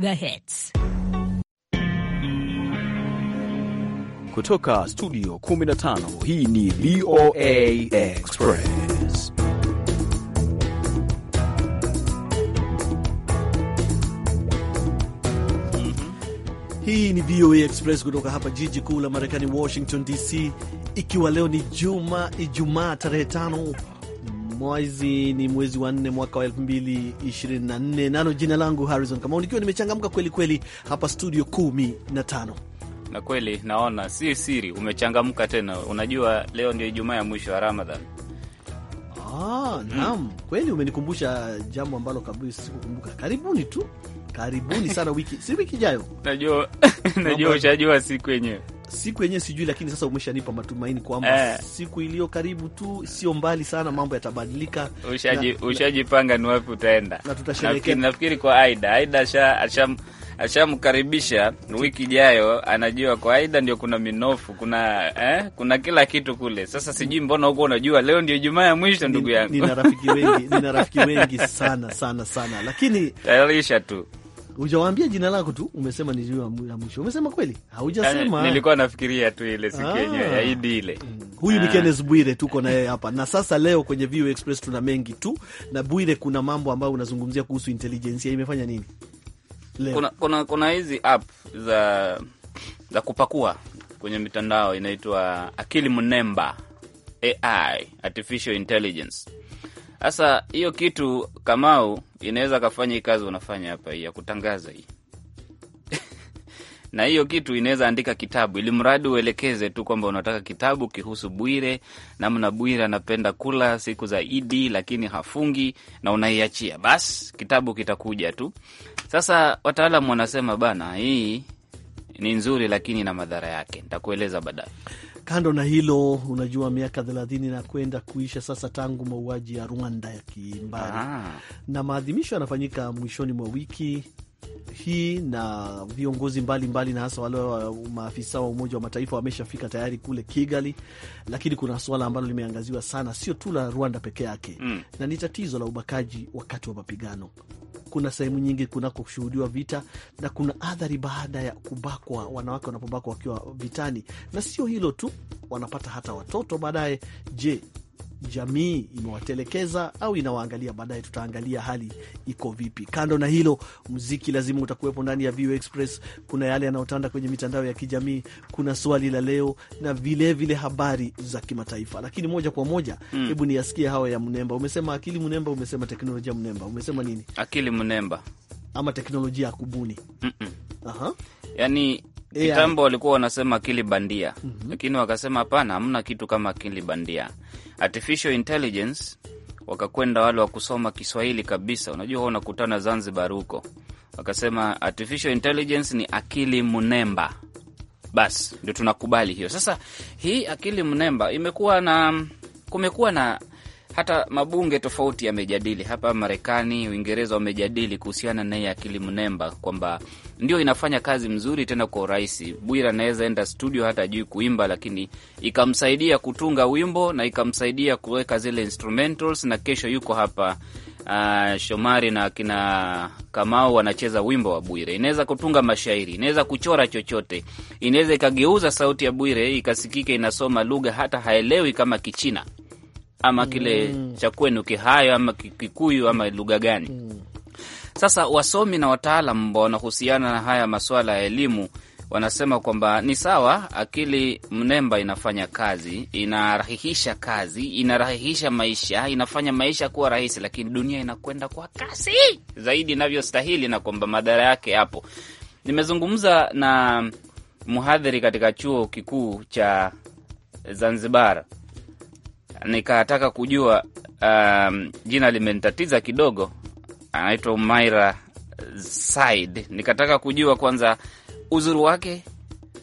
The Hits. Kutoka studio 15 hii ni VOA Express. Hii ni VOA Express kutoka hapa jiji kuu la Marekani Washington DC, ikiwa leo ni Juma Ijumaa tarehe tano mwezi ni mwezi wa nne mwaka wa nne nalo jina langu Harrison Kamau, nikiwa nimechangamka kweli kweli hapa studio 15 na kweli naona si siri, umechangamka tena. Unajua leo ndio Ijumaa ya mwisho ya Ramadhan. Ah, naam mm. Kweli umenikumbusha jambo ambalo kabisa sikukumbuka. Karibuni tu, karibuni sana wiki si wiki ijayo najua najua, ushajua siku yenyewe siku yenyewe sijui, lakini sasa umeshanipa matumaini kwamba eh, siku iliyo karibu tu, sio mbali sana, mambo yatabadilika. Ushajipanga ni wapi utaenda, na tutasherehekea. Nafikiri kwa Aida, Aida asha ashamkaribisha wiki ijayo, anajua kwa Aida ndio kuna minofu, kuna eh, kuna kila kitu kule. Sasa sijui mbona huko, unajua leo ndio Ijumaa ya mwisho, ndugu yangu. Nina rafiki wengi, nina rafiki wengi sana sana sana, lakini tayarisha tu Hujawaambia jina lako tu, umesema ni ya mwisho. Umesema kweli, haujasema. Eh, nilikuwa nafikiria tu ile siku ah. yenyewe ya idi ile. Mm. Huyu ni ah. Kenneth Bwire, tuko naye hapa na sasa. Leo kwenye VOA Express tuna mengi tu, na Bwire, kuna mambo ambayo unazungumzia kuhusu intelijensia imefanya nini leo? Kuna, kuna, kuna hizi app za za kupakua kwenye mitandao inaitwa akili mnemba AI, artificial intelligence sasa hiyo kitu Kamau inaweza kafanya hii kazi unafanya hapa hii ya kutangaza hii na hiyo kitu inaweza andika kitabu, ili mradi uelekeze tu kwamba unataka kitabu kihusu Bwire, namna Bwire anapenda kula siku za Idi lakini hafungi, na unaiachia basi, kitabu kitakuja tu. Sasa wataalam wanasema bana, hii ni nzuri lakini na madhara yake, ntakueleza baadaye. Kando na hilo, unajua miaka thelathini na kwenda kuisha sasa tangu mauaji ya Rwanda ya kimbari ah. Na maadhimisho yanafanyika mwishoni mwa wiki hii na viongozi mbalimbali mbali na hasa wale maafisa wa Umoja wa Mataifa wameshafika tayari kule Kigali, lakini kuna suala ambalo limeangaziwa sana, sio tu la Rwanda peke yake mm. na ni tatizo la ubakaji wakati wa mapigano kuna sehemu nyingi kunakoshuhudiwa vita na kuna athari baada ya kubakwa, wanawake wanapobakwa wakiwa vitani, na sio hilo tu, wanapata hata watoto baadaye. Je, jamii imewatelekeza au inawaangalia. Baadaye tutaangalia hali iko vipi. Kando na hilo, mziki lazima utakuwepo ndani ya VOA Express. Kuna yale yanayotanda kwenye mitandao ya kijamii, kuna swali la leo na vilevile vile habari za kimataifa. Lakini moja kwa moja, hmm. hebu mm, niyasikie hawa ya Mnemba. Umesema akili mnemba, umesema teknolojia mnemba, umesema nini? Akili mnemba ama teknolojia ya kubuni mm -mm. Aha. Yani Kitambo walikuwa wanasema akili bandia mm -hmm. Lakini wakasema hapana, hamna kitu kama akili bandia, artificial intelligence. Wakakwenda wale wa kusoma Kiswahili kabisa, unajua unakutana Zanzibar huko, wakasema artificial intelligence ni akili mnemba. Basi ndio tunakubali hiyo. Sasa hii akili mnemba imekuwa na kumekuwa na hata mabunge tofauti yamejadili hapa Marekani, Uingereza wamejadili kuhusiana na hii akili mnemba kwamba ndio inafanya kazi mzuri tena kwa urahisi. Bwira anaweza enda studio hata ajui kuimba, lakini ikamsaidia kutunga wimbo na ikamsaidia kuweka zile instrumentals, na kesho yuko hapa Uh, Shomari na kina Kamau wanacheza wimbo wa Bwire. Inaweza kutunga mashairi, inaweza kuchora chochote, inaweza ikageuza sauti ya Bwire ikasikike, inasoma lugha hata haelewi kama Kichina ama kile mm. cha kwenu Kihayo ama Kikuyu ama lugha gani mm. Sasa wasomi na wataalam wanahusiana na haya masuala ya elimu wanasema kwamba ni sawa, akili mnemba inafanya kazi, inarahihisha kazi, inarahihisha maisha, inafanya maisha kuwa rahisi, lakini dunia inakwenda kwa kasi zaidi inavyostahili, na kwamba madhara yake yapo. Nimezungumza na mhadhiri katika chuo kikuu cha Zanzibar, nikataka kujua um, jina limenitatiza kidogo, anaitwa Umaira Said. Nikataka kujua kwanza uzuri wake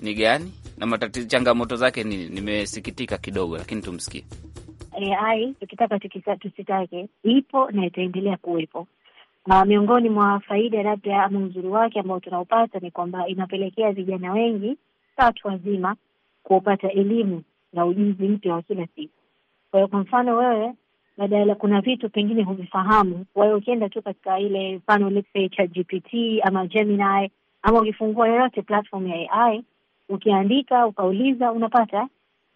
ni gani na matatizo, changamoto zake nini. Nimesikitika kidogo, lakini tumsikie. AI tukitaka tusitake, ipo na itaendelea kuwepo. Na miongoni mwa faida labda ama uzuri wake ambao tunaupata ni kwamba inapelekea vijana wengi watu wazima kuupata elimu na ujuzi mpya wa kila siku. Kwa hiyo, kwa mfano wewe badala kuna vitu pengine huvifahamu. Kwa hiyo ukienda tu katika ile mfano, ChatGPT ama Gemini ama ukifungua yoyote platform ya AI ukiandika ukauliza, unapata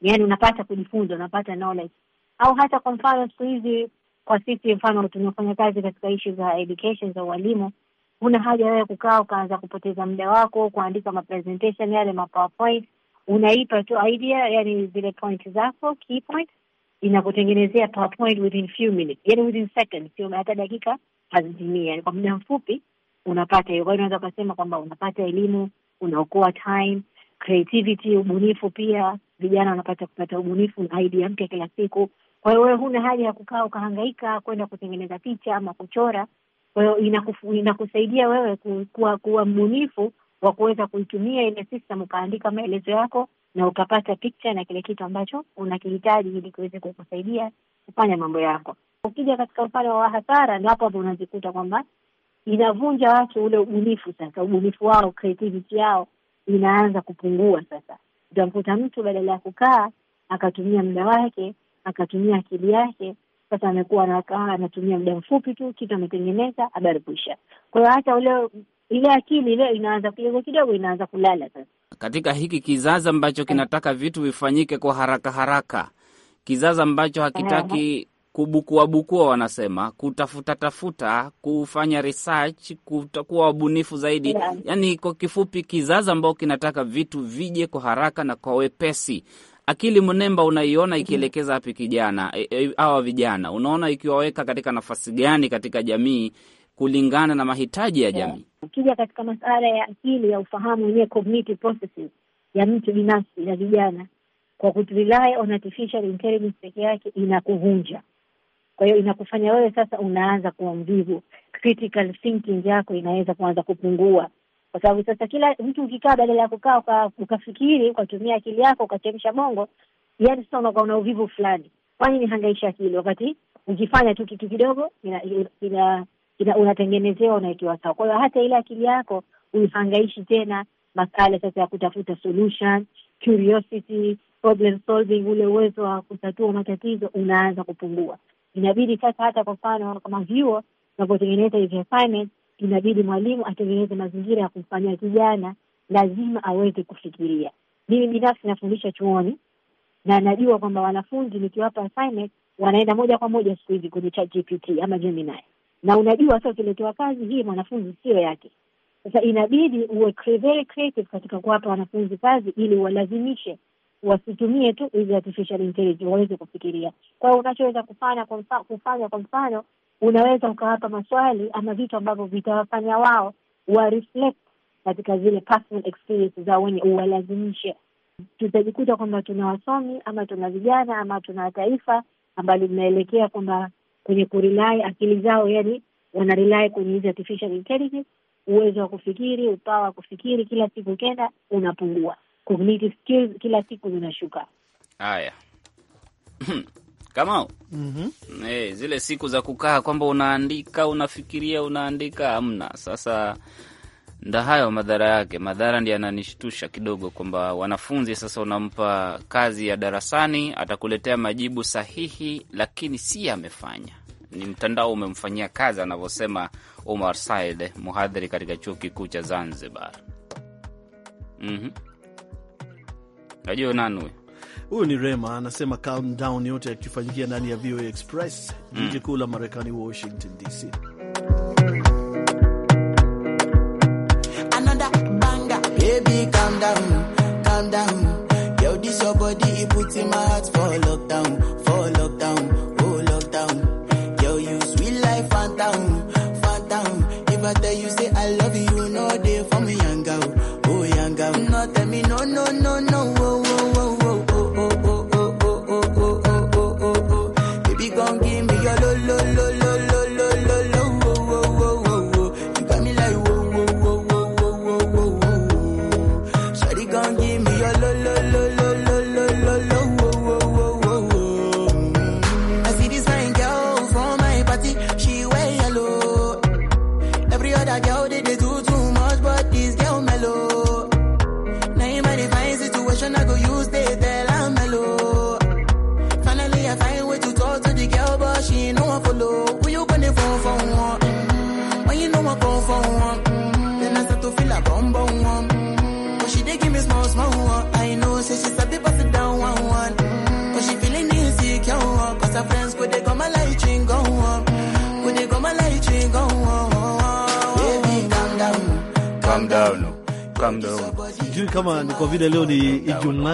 yani, unapata kujifunza, unapata knowledge. Au hata kwa mfano siku hizi kwa sisi, mfano tunafanya kazi katika ishu za education za ualimu, huna haja wewe kukaa ukaanza kupoteza muda wako kuandika mapresentation yale mapowerpoint, Unaipa tu idea, yani zile point zako key inakutengenezea PowerPoint within few minutes, yani within seconds, sio hata dakika hazitimii, yani kwa muda mfupi unapata hiyo. Kwa hiyo unaweza ukasema kwamba unapata elimu, unaokoa time, creativity, ubunifu. Pia vijana wanapata kupata ubunifu na idea mpya kila siku. Kwa hiyo wewe huna haja ya kukaa ukahangaika kwenda kutengeneza picha ama kuchora. Kwa hiyo inakusaidia wewe kuwa, kuwa mbunifu wa kuweza kuitumia ile system ukaandika maelezo yako na ukapata picha na kile kitu ambacho unakihitaji ili kiweze kukusaidia kufanya mambo yako. Ukija katika upande wa hasara, ndio hapo hapo unazikuta kwamba inavunja watu ule ubunifu sasa, ubunifu wao, creativity yao inaanza kupungua sasa. Utamkuta mtu badala ya kukaa akatumia muda wake akatumia akili yake, sasa amekuwa anakaa anatumia muda mfupi tu, kitu ametengeneza, habari kuisha. Kwa hiyo hata ule ile akili ile inaanza kidogo kidogo inaanza kulala sasa katika hiki kizazi ambacho kinataka vitu vifanyike kwa haraka haraka, kizazi ambacho hakitaki kubukuabukua, wanasema kutafuta tafuta, kufanya research, kutakuwa wabunifu zaidi, yaani kwa kifupi, kizazi ambao kinataka vitu vije kwa haraka na kwa wepesi. Akili mnemba unaiona ikielekeza hapi kijana e, e, awa vijana unaona ikiwaweka katika nafasi gani katika jamii kulingana na mahitaji ya eh, jamii. Ukija katika masuala ya akili ya ufahamu wenyewe, cognitive processes ya mtu binafsi na vijana, kwa kurely on artificial intelligence peke yake inakuvunja. Kwa hiyo inakufanya wewe sasa unaanza kuwa mvivu, critical thinking yako inaweza kuanza kupungua, kwa sababu sasa kila mtu ukikaa, badala ya kukaa ukafikiri ukatumia akili yako ukachemsha bongo, yani sasa unakuwa una uvivu fulani. Kwani ni hangaisha akili wakati ukifanya tu kitu kidogo ina, ina, ina unatengenezewa, unawekewa sawa. Kwa hiyo hata ile akili yako uihangaishi tena masala sasa ya kutafuta solution, curiosity, problem solving, ule uwezo wa kutatua matatizo unaanza kupungua. Inabidi sasa, hata kwa mfano kama vyuo unapotengeneza hizi assignment, inabidi mwalimu atengeneze mazingira ya kumfanyia kijana, lazima aweze kufikiria. Mimi binafsi nafundisha chuoni na najua kwamba wanafunzi nikiwapa assignment wanaenda moja kwa moja siku hizi kwenye ChatGPT ama Gemini na unajua sasa ukiletewa kazi hii mwanafunzi sio yake. Sasa inabidi uwe very creative katika kuwapa wanafunzi kazi ili uwalazimishe wasitumie tu hizi artificial intelligence waweze kufikiria. Kwa hiyo unachoweza kufanya kwa mfano, kufanya kwa mfano, unaweza ukawapa maswali ama vitu ambavyo vitawafanya wao wa reflect katika zile personal experience zao wenye, uwalazimishe. Tutajikuta kwamba tuna wasomi ama tuna vijana ama tuna taifa ambalo linaelekea kwamba kwenye kurely akili zao, yani wanarely kwenye hizi artificial intelligence. Uwezo wa kufikiri, upawa wa kufikiri kila siku kenda unapungua, cognitive skills kila siku zinashuka. Haya, Kamau, mm -hmm. Eh, hey, zile siku za kukaa kwamba unaandika unafikiria unaandika hamna sasa Nda hayo madhara yake, madhara ndi yananishtusha kidogo, kwamba wanafunzi sasa, unampa kazi ya darasani, atakuletea majibu sahihi, lakini si amefanya. Ni mtandao umemfanyia kazi, anavyosema Omar Said, mhadhiri katika chuo kikuu cha Zanzibar. mm -hmm. Huyu ni Rema anasema yote yakifanyikia ndani ya VOA Express, mm. jiji mm. kuu la Marekani, Washington DC. Baby, calm down, calm down. Yo, this your body, it puts in my heart for lockdown, for lockdown, oh lockdown. Yo, you sweet life, phantom, phantom. If I tell you, say I love you, no day for me, young girl, oh young girl. No, tell me, no, no, no, no.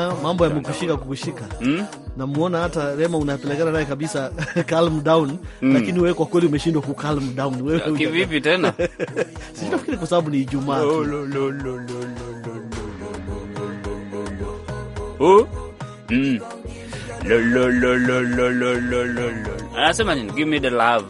nayo mambo yamekushika kukushika mm? Namuona hata Rema unapelekana naye kabisa calm down mm. Lakini wewe kwa kweli umeshindwa ku calm down wewe kivipi tena? Sitafikiri kwa sababu ni Ijumaa tu anasema nini, give me the love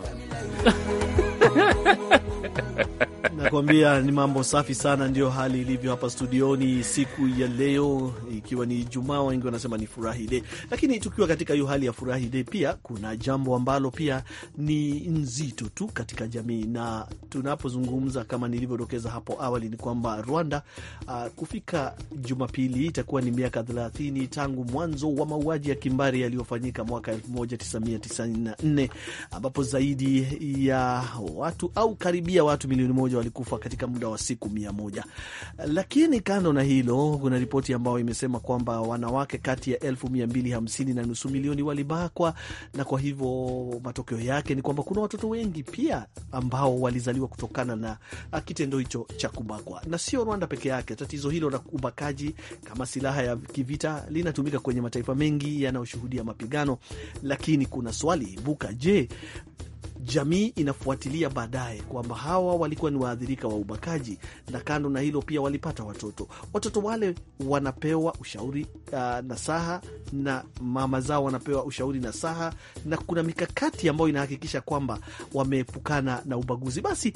Nakwambia ni mambo safi sana, ndio hali ilivyo hapa studioni siku ya leo, ikiwa ni Jumaa. Wengi wanasema ni furahi dei, lakini tukiwa katika hiyo hali ya furahi dei, pia kuna jambo ambalo pia ni nzito tu katika jamii, na tunapozungumza kama nilivyodokeza hapo awali ni kwamba Rwanda uh, kufika Jumapili itakuwa ni miaka 30 tangu mwanzo wa mauaji ya kimbari yaliyofanyika mwaka 1994 ambapo zaidi ya watu au karibia watu milioni moja walikufa kufa katika muda wa siku mia moja. Lakini kando na hilo, kuna ripoti ambayo imesema kwamba wanawake kati ya elfu mia mbili hamsini na nusu milioni walibakwa, na kwa hivyo matokeo yake ni kwamba kuna watoto wengi pia ambao walizaliwa kutokana na kitendo hicho cha kubakwa. Na sio Rwanda peke yake, tatizo hilo la ubakaji kama silaha ya kivita linatumika kwenye mataifa mengi yanayoshuhudia mapigano, lakini kuna swali ibuka: je, jamii inafuatilia baadaye kwamba hawa walikuwa ni waathirika wa ubakaji, na kando na hilo pia walipata watoto. Watoto wale wanapewa ushauri uh, saha na mama zao wanapewa ushauri na saha na kuna mikakati ambayo inahakikisha kwamba wameepukana na ubaguzi. Basi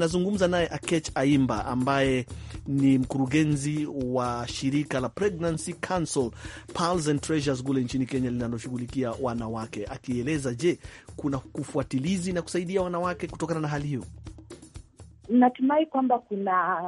nazungumza naye Akech Aimba ambaye ni mkurugenzi wa shirika la Pregnancy Council Pearls and Treasures kule nchini Kenya linaloshughulikia wanawake, akieleza je, kuna ufuatilizi na kusaidia wanawake kutokana na hali hiyo? Natumai kwamba kuna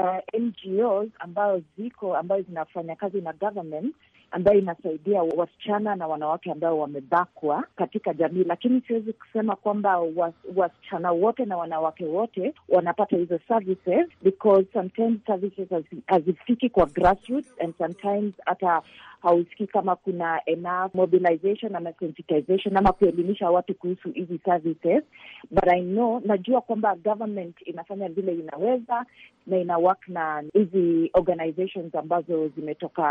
uh, NGOs ambayo ziko ambayo zinafanya kazi na government ambayo inasaidia wasichana na wanawake ambao wamebakwa katika jamii, lakini siwezi kusema kwamba was, wasichana wote na wanawake wote wanapata hizo services because sometimes services hazifiki kwa grassroots and sometimes hata hausikii kama kuna enough mobilization ama sensitization ama kuelimisha watu kuhusu hizi services, but I know, najua kwamba government inafanya vile inaweza na ina work na hizi organizations ambazo zimetoka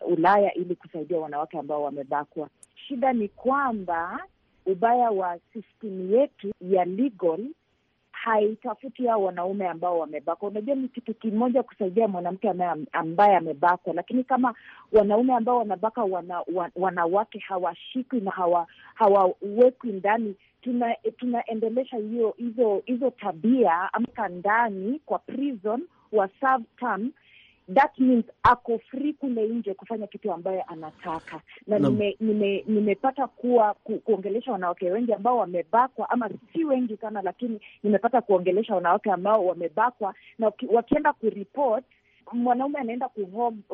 Ulaya ili kusaidia wanawake ambao wamebakwa. Shida ni kwamba ubaya wa system yetu ya legal haitafuti hao wanaume ambao wamebakwa. Unajua, ni kitu kimoja kusaidia mwanamke ambaye amebakwa, lakini kama wanaume ambao wanabaka wana, wanawake hawashikwi na hawawekwi hawa ndani tuna, tunaendelesha hizo hizo tabia amka ndani kwa prison wa serve term that means ako free kule nje kufanya kitu ambayo anataka na no. Nimepata nime, nime kuwa ku, kuongelesha wanawake wengi ambao wamebakwa, ama si wengi sana, lakini nimepata kuongelesha wanawake ambao wamebakwa na wakienda kuripoti mwanaume anaenda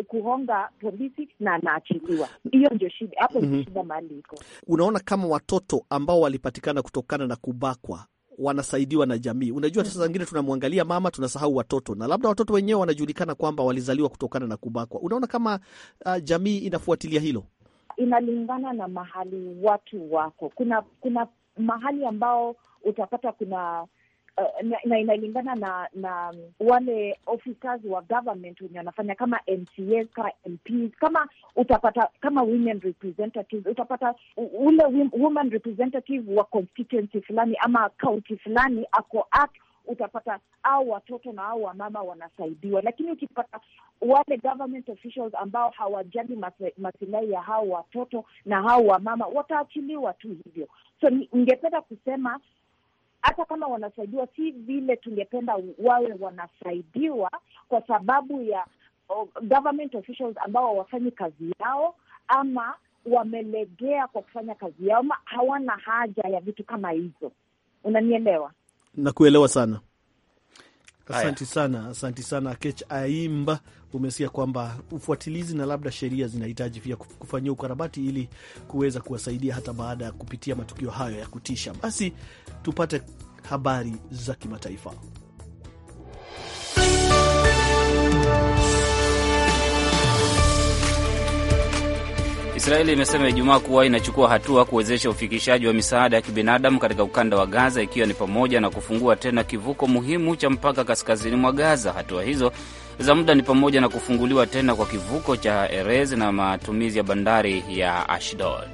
kuhonga polisi na anaachiliwa. Hiyo ndio shida hapo, mm -hmm. Shida mahali iko. Unaona, kama watoto ambao walipatikana kutokana na kubakwa wanasaidiwa na jamii. Unajua, hmm. sasa zingine tunamwangalia mama, tunasahau watoto, na labda watoto wenyewe wanajulikana kwamba walizaliwa kutokana na kubakwa. Unaona kama uh, jamii inafuatilia hilo. Inalingana na mahali watu wako. Kuna kuna mahali ambao utapata kuna uh, na, na inalingana na na wale officers wa government wenye wanafanya kama MCAs, kama MPs, kama utapata kama women representatives, utapata ule women representative wa constituency fulani ama kaunti fulani ako at utapata au watoto na au wamama wanasaidiwa, lakini ukipata wale government officials ambao hawajali masilahi ya hao watoto na hao wamama wataachiliwa tu hivyo. So ningependa kusema hata kama wanasaidiwa, si vile tungependa wawe wanasaidiwa kwa sababu ya government officials ambao hawafanyi kazi yao ama wamelegea kwa kufanya kazi yao ama hawana haja ya vitu kama hizo. Unanielewa? Nakuelewa sana. Asanti sana, asanti sana Kech Aimba. Umesikia kwamba ufuatilizi na labda sheria zinahitaji pia kufanyia ukarabati ili kuweza kuwasaidia hata baada ya kupitia matukio hayo ya kutisha. Basi tupate habari za kimataifa. Israeli imesema Ijumaa kuwa inachukua hatua kuwezesha ufikishaji wa misaada ya kibinadamu katika ukanda wa Gaza, ikiwa ni pamoja na kufungua tena kivuko muhimu cha mpaka kaskazini mwa Gaza. Hatua hizo za muda ni pamoja na kufunguliwa tena kwa kivuko cha Erez na matumizi ya bandari ya Ashdod.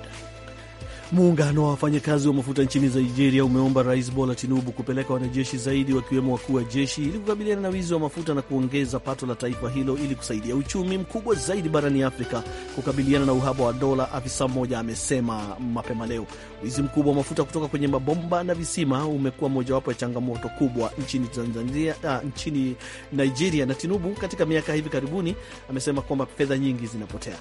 Muungano wa wafanyakazi wa mafuta nchini Nigeria umeomba Rais Bola Tinubu kupeleka wanajeshi zaidi wakiwemo wakuu wa jeshi ili kukabiliana na wizi wa mafuta na kuongeza pato la taifa hilo ili kusaidia uchumi mkubwa zaidi barani Afrika kukabiliana na uhaba wa dola, afisa mmoja amesema mapema leo. Wizi mkubwa wa mafuta kutoka kwenye mabomba na visima umekuwa mojawapo ya changamoto kubwa nchini Tanzania, ah, nchini Nigeria, na Tinubu katika miaka hivi karibuni amesema kwamba fedha nyingi zinapotea.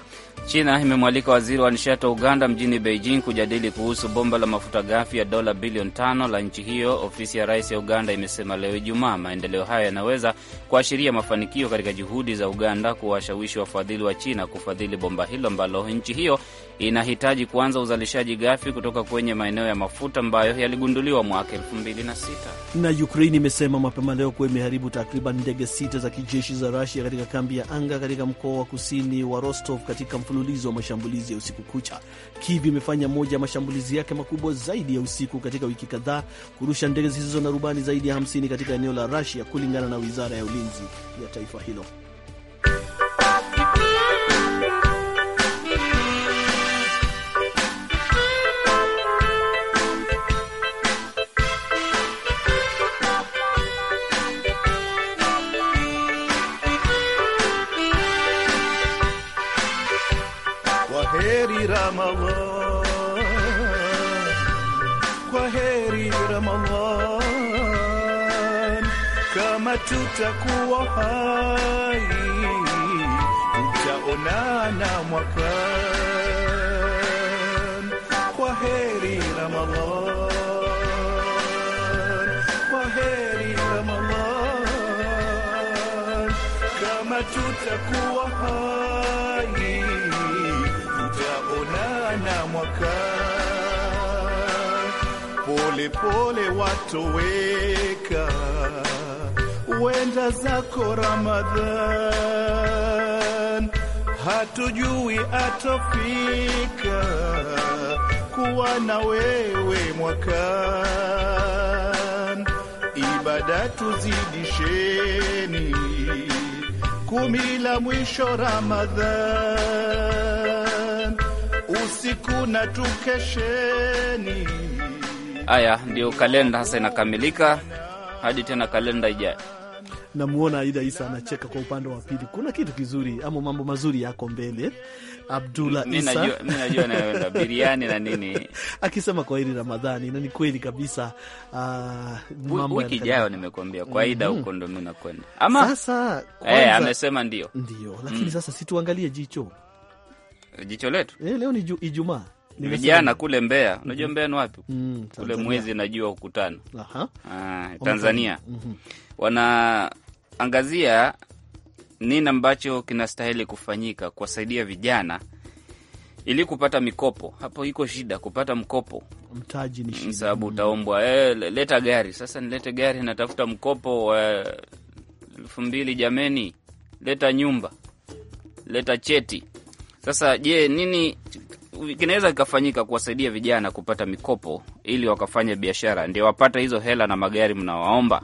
China imemwalika waziri wa nishati wa Uganda mjini Beijing kujadili mbili kuhusu bomba la mafuta ghafi ya dola bilioni tano la nchi hiyo, ofisi ya rais ya Uganda imesema leo Ijumaa. Maendeleo hayo yanaweza kuashiria mafanikio katika juhudi za Uganda kuwashawishi wafadhili wa China kufadhili bomba hilo ambalo nchi hiyo inahitaji kuanza uzalishaji gafi kutoka kwenye maeneo ya mafuta ambayo yaligunduliwa mwaka 2006. Na ukrain imesema mapema leo kuwa imeharibu takriban ndege sita za kijeshi za Rusia katika kambi ya anga katika mkoa wa kusini wa Rostov katika mfululizo wa mashambulizi ya usiku kucha. Kiev imefanya moja ya mashambulizi yake makubwa zaidi ya usiku katika wiki kadhaa, kurusha ndege zisizo na rubani zaidi ya 50 katika eneo la Rusia, kulingana na wizara ya ulinzi ya taifa hilo. Ramadhan, kwa heri Ramadhan, kama tutakuwa hai tutaonana mwakani. Kwa heri Ramadhan, kwa heri Ramadhan, kama tutakuwa hai mwaka. Pole pole watoweka, wenda zako Ramadhan, hatujui atofika kuwa na wewe mwakan. Ibada tuzidisheni, kumi la mwisho Ramadhan usiku na tukesheni. Haya ndio kalenda hasa inakamilika, hadi tena kalenda ijayo. Namwona Aida Isa anacheka kwa upande wa pili. Kuna kitu kizuri ama mambo mazuri yako mbele. Abdullah Isa najua naenda biriani na nini, akisema kwa hili Ramadhani, na ni kweli kabisa. Uh, mambo wiki ijayo nimekuambia kwa Aida mhm. Huko ndo mi nakwenda ama sasa eh, kwanza... Eh, amesema ndio ndio, mm. lakini mm. Sasa situangalie jicho Eh, jicho letu e, leo ni Ijumaa vijana kule Mbeya, mhm. unajua Mbeya ni wapi? mm, kule mwezi najua ukutana ah, Tanzania mm -hmm. wanaangazia nini ambacho kinastahili kufanyika kuwasaidia vijana ili kupata mikopo. Hapo iko shida kupata mkopo, mtaji ni shida, sababu mm. utaombwa e, leta gari. Sasa nilete gari, natafuta mkopo elfu mbili. Jameni, leta nyumba, leta cheti sasa je, nini kinaweza kikafanyika kuwasaidia vijana kupata mikopo ili wakafanya biashara, ndio wapate hizo hela na magari mnawaomba?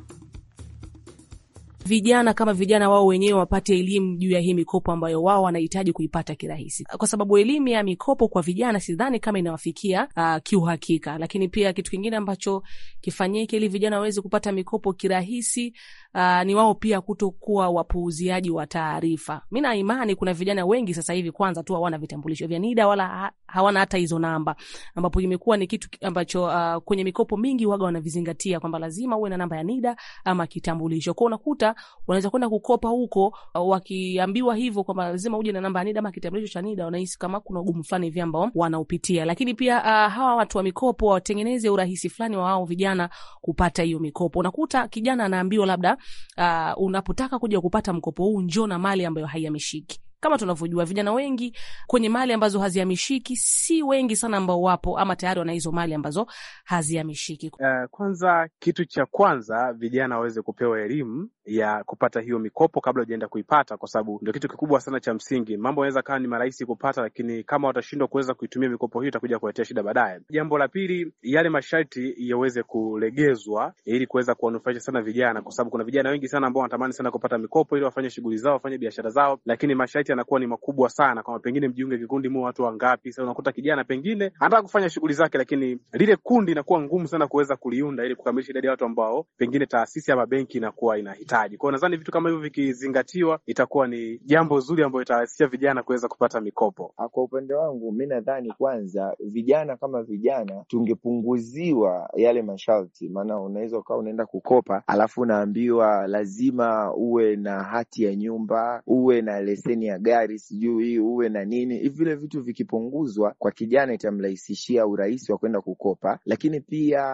Vijana kama vijana wao wenyewe wapate elimu juu ya hii mikopo ambayo wao wanahitaji kuipata kirahisi, kwa sababu elimu ya mikopo kwa vijana sidhani kama inawafikia uh, kiuhakika. Lakini pia kitu kingine ambacho kifanyike ili vijana waweze kupata mikopo kirahisi uh, ni wao pia kutokuwa wapuuziaji wa taarifa. Mi na imani kuna vijana wengi sasa hivi kwanza tu hawana vitambulisho vya NIDA wala hawana hata hizo namba, ambapo imekuwa ni kitu ambacho uh, kwenye mikopo mingi waga wanavizingatia kwamba lazima uwe na namba ya NIDA ama kitambulisho. Kwao unakuta wanaweza kwenda kukopa huko, uh, wakiambiwa hivyo kwamba lazima uje na namba ya NIDA ama kitambulisho cha NIDA, wanahisi kama kuna ugumu fulani hivi ambao wanaupitia. Lakini pia uh, hawa watu wa mikopo watengeneze urahisi fulani wa wao vijana kupata hiyo mikopo. Unakuta kijana anaambiwa labda uh, unapotaka kuja kupata mkopo huu njoo na mali ambayo haihamishiki kama tunavyojua vijana wengi kwenye mali ambazo hazihamishiki, si wengi sana ambao wapo ama tayari wana hizo mali ambazo hazihamishiki. Uh, kwanza, kitu cha kwanza vijana waweze kupewa elimu ya kupata hiyo mikopo kabla hujaenda kuipata, kwa sababu ndio kitu kikubwa sana cha msingi. Mambo yanaweza kawa ni marahisi kupata, lakini kama watashindwa kuweza kuitumia mikopo hiyo itakuja kuletea shida baadaye. Jambo la pili, yale masharti yaweze kulegezwa ili kuweza kuwanufaisha sana vijana, kwa sababu kuna vijana wengi sana ambao wanatamani sana kupata mikopo ili wafanye shughuli zao, wafanye biashara zao, lakini masharti mageti yanakuwa ni makubwa sana, kwamba pengine mjiunge kikundi mu watu wangapi. Sasa unakuta kijana pengine anataka kufanya shughuli zake, lakini lile kundi inakuwa ngumu sana kuweza kuliunda ili kukamilisha idadi ya watu ambao pengine taasisi ama benki inakuwa inahitaji. kwao nadhani vitu kama hivyo vikizingatiwa, itakuwa ni jambo zuri ambayo itawawezesha vijana kuweza kupata mikopo. Ah, kwa upande wangu mi nadhani kwanza, vijana kama vijana tungepunguziwa yale masharti, maana unaweza ukawa unaenda kukopa alafu unaambiwa lazima uwe na hati ya nyumba, uwe na leseni ya gari sijui uwe na nini. Vile vitu vikipunguzwa kwa kijana, itamrahisishia urahisi wa kwenda kukopa, lakini pia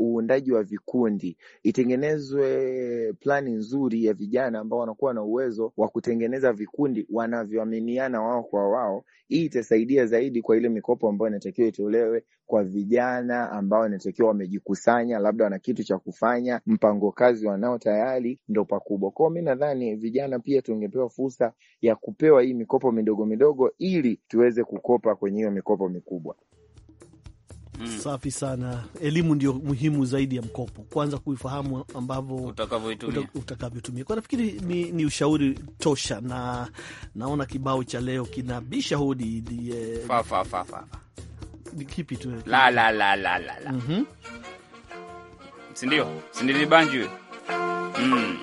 uundaji wa vikundi, itengenezwe plani nzuri ya vijana ambao wanakuwa na uwezo wa kutengeneza vikundi wanavyoaminiana wao kwa wao. Hii itasaidia zaidi kwa ile mikopo ambayo inatakiwa itolewe kwa vijana ambao inatakiwa wamejikusanya, labda wana kitu cha kufanya, mpango kazi wanao tayari, ndo pakubwa kwao. Mi nadhani vijana pia tungepewa fursa ya kupewa tumepewa hii mikopo midogo midogo ili tuweze kukopa kwenye hiyo mikopo mikubwa. Mm. Safi sana. Elimu ndio muhimu zaidi ya mkopo, kwanza kuifahamu ambavyo utakavyotumia. Kwa nafikiri ni, ni ushauri tosha, na naona kibao cha leo kinabisha hodi eh, Ni Kipi tu la, la, la, la, la. Mhm. Sindio sindilibanjwe mm.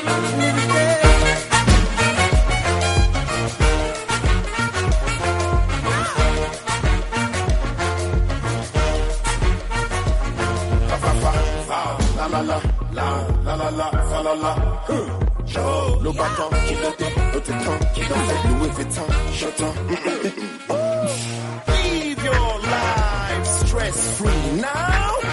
Leave your life stress free now.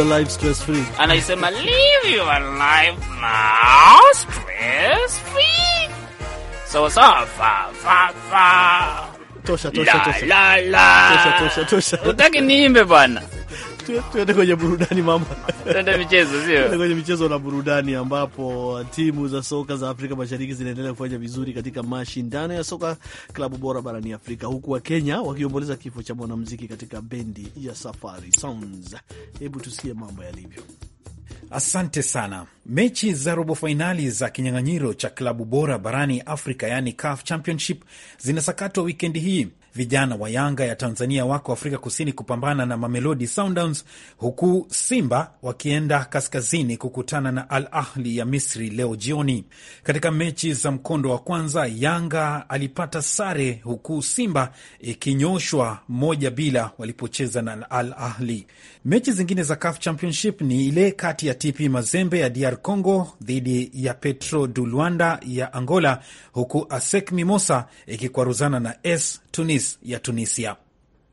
your life stress free. Anaisema live your life now stress free. Sawa sawa, fa fa fa. Tosha tosha tosha. La la la. Tosha tosha tosha. Utaki niimbe bwana tuende kwenye burudani mama, tuende michezo, sio tuende kwenye michezo na burudani, ambapo timu za soka za Afrika Mashariki zinaendelea kufanya vizuri katika mashindano ya soka klabu bora barani Afrika, huku Wakenya wakiomboleza kifo cha mwanamuziki katika bendi ya Safari Sounds. Hebu tusikie mambo yalivyo. Asante sana. Mechi za robo fainali za kinyang'anyiro cha klabu bora barani Afrika, yaani CAF Championship, zinasakatwa wikendi hii Vijana wa Yanga ya Tanzania wako Afrika Kusini kupambana na Mamelodi Sundowns, huku Simba wakienda kaskazini kukutana na Al Ahli ya Misri leo jioni. Katika mechi za mkondo wa kwanza, Yanga alipata sare huku Simba ikinyoshwa moja bila walipocheza na Al Ahli. Mechi zingine za CAF Championship ni ile kati ya TP Mazembe ya DR Congo dhidi ya Petro du Luanda ya Angola, huku ASEC Mimosa ikikwaruzana na S Tunis. Tunis ya Tunisia.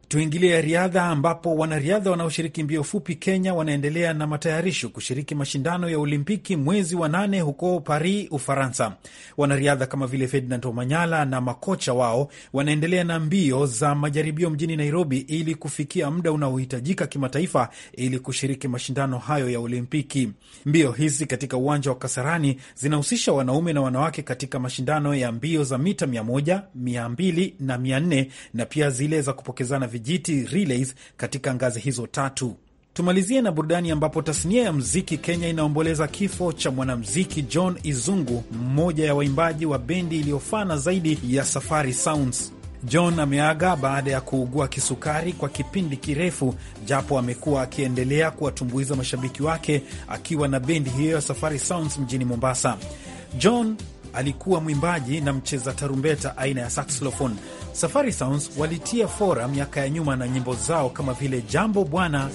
Tuingilie riadha ambapo wanariadha wanaoshiriki mbio fupi Kenya wanaendelea na matayarisho kushiriki mashindano ya Olimpiki mwezi wa nane huko Paris, Ufaransa. Wanariadha kama vile Ferdinand Omanyala na makocha wao wanaendelea na mbio za majaribio mjini Nairobi ili kufikia muda unaohitajika kimataifa ili kushiriki mashindano hayo ya Olimpiki. Mbio hizi katika uwanja wa Kasarani zinahusisha wanaume na wanawake katika mashindano ya mbio za mita 100, 200 na 400 na pia zile za kupokezana vijiti relays katika ngazi hizo tatu. Tumalizie na burudani ambapo tasnia ya mziki Kenya inaomboleza kifo cha mwanamziki John Izungu, mmoja ya waimbaji wa bendi iliyofana zaidi ya Safari Sounds. John ameaga baada ya kuugua kisukari kwa kipindi kirefu, japo amekuwa akiendelea kuwatumbuiza mashabiki wake akiwa na bendi hiyo ya Safari Sounds mjini Mombasa. John alikuwa mwimbaji na mcheza tarumbeta aina ya saxophone Safari Sounds walitia fora miaka ya nyuma na nyimbo zao kama vile Jambo Bwana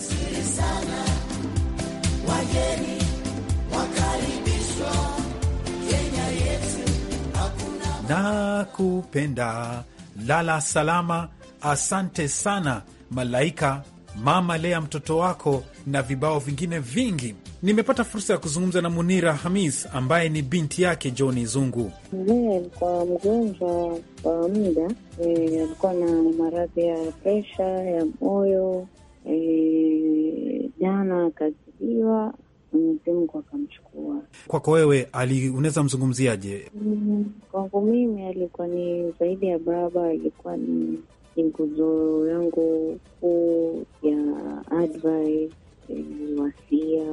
na kupenda lala salama. Asante sana Malaika, Mama Lea, mtoto wako na vibao vingine vingi. Nimepata fursa ya kuzungumza na Munira Hamis ambaye ni binti yake Johni Zungu. Munira alikuwa mgonjwa kwa muda, e, alikuwa na maradhi ya presha ya moyo. E, jana akazidiwa, Mwenyezi Mungu akamchukua. Kwako wewe, unaweza mzungumziaje? Mm, kwangu mimi alikuwa ni zaidi ya baba, alikuwa ni nguzo yangu kuu ya advice wasia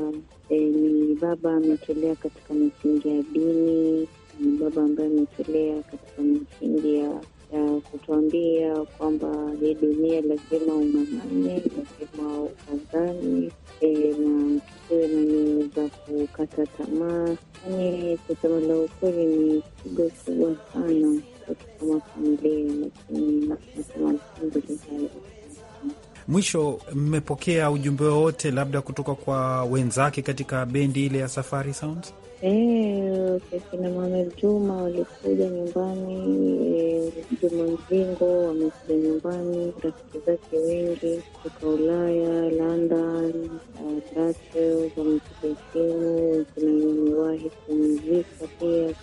e, ni baba ametolea katika misingi ya dini, ni baba ambaye ametolea katika misingi ya ya kutuambia kwamba hii dunia lazima ung'ang'ane, lazima ukazani e, eh, na tusiwe na nyoyo za kukata tamaa. Yani kusema la ukweli, ni kigo kubwa sana kama familia, lakini nasema alhamdulilahi. Mwisho, mmepokea ujumbe wowote labda kutoka kwa wenzake katika bendi ile ya Safari Sounds? Eh, Juma walikuja nyumbani, Juma Mzingo wamekuja nyumbani, rafiki zake wengi kutoka Ulaya, London, Brussels wamepiga simu, kuna niwahi kumzika pia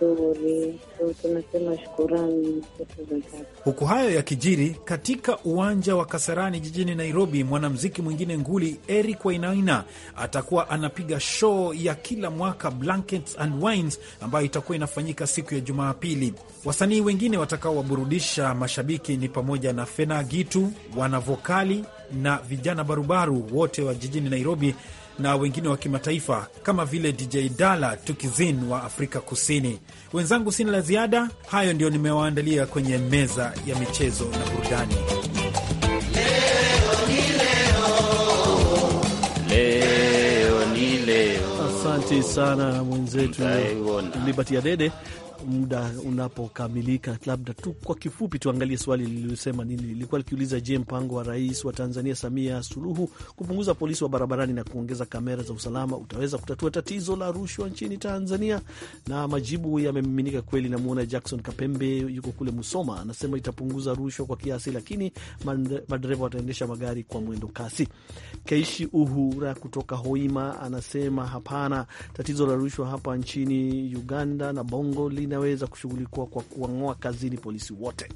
zuri. Tunasema shukurani zetu za dhati. Huku hayo yakijiri, katika uwanja wa Kasarani jijini Nairobi, mwanamziki mwingine nguli Eric Wainaina atakuwa anapiga show ya kila mwaka Baraka Blankets and Wines ambayo itakuwa inafanyika siku ya Jumapili. Wasanii wengine watakaowaburudisha mashabiki ni pamoja na Fena Gitu, wanavokali na vijana barubaru wote wa jijini Nairobi na wengine wa kimataifa kama vile DJ Dala Tukizin wa Afrika Kusini. Wenzangu, sina la ziada. Hayo ndio nimewaandalia kwenye meza ya michezo na burudani. Asante sana mwenzetu Liberty Adede muda unapokamilika, labda tu kwa kifupi tuangalie swali lililosema nini, lilikuwa likiuliza, je, mpango wa rais wa Tanzania Samia Suluhu kupunguza polisi wa barabarani na kuongeza kamera za usalama utaweza kutatua tatizo la rushwa nchini Tanzania? Na majibu yamemiminika kweli. Namwona Jackson Kapembe yuko kule Musoma, anasema itapunguza rushwa kwa kiasi, lakini madereva wataendesha magari kwa mwendo kasi. Keishi Uhura kutoka Hoima anasema hapana, tatizo la rushwa hapa nchini Uganda na Bongo lina inaweza kushughulikiwa kwa kuwang'oa kazini polisi wote.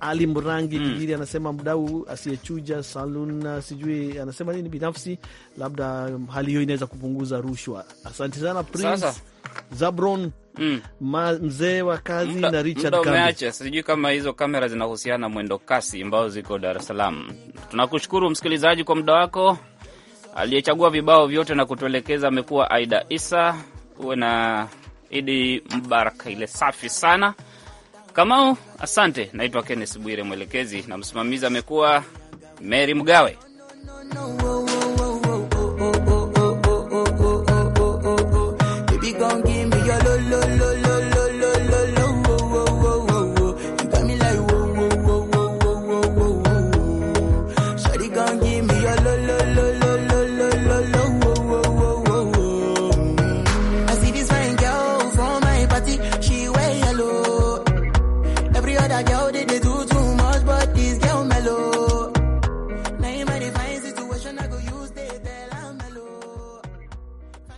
Ali Mrangi mm. Kijiri anasema mdau asiyechuja salun, sijui anasema nini binafsi, labda hali hiyo inaweza kupunguza rushwa. Asante sana Prince Zabron mm. mzee wa kazi mda, na Richard umeacha, sijui kama hizo kamera zinahusiana na mwendo kasi ambao ziko Dar es Salaam. Tunakushukuru msikilizaji kwa muda wako. Aliyechagua vibao vyote na kutuelekeza amekuwa Aida Isa. Uwe na Idi Mbaraka, ile safi sana Kamau. Asante, naitwa kennes Bwire, mwelekezi na msimamizi amekuwa Mary Mgawe.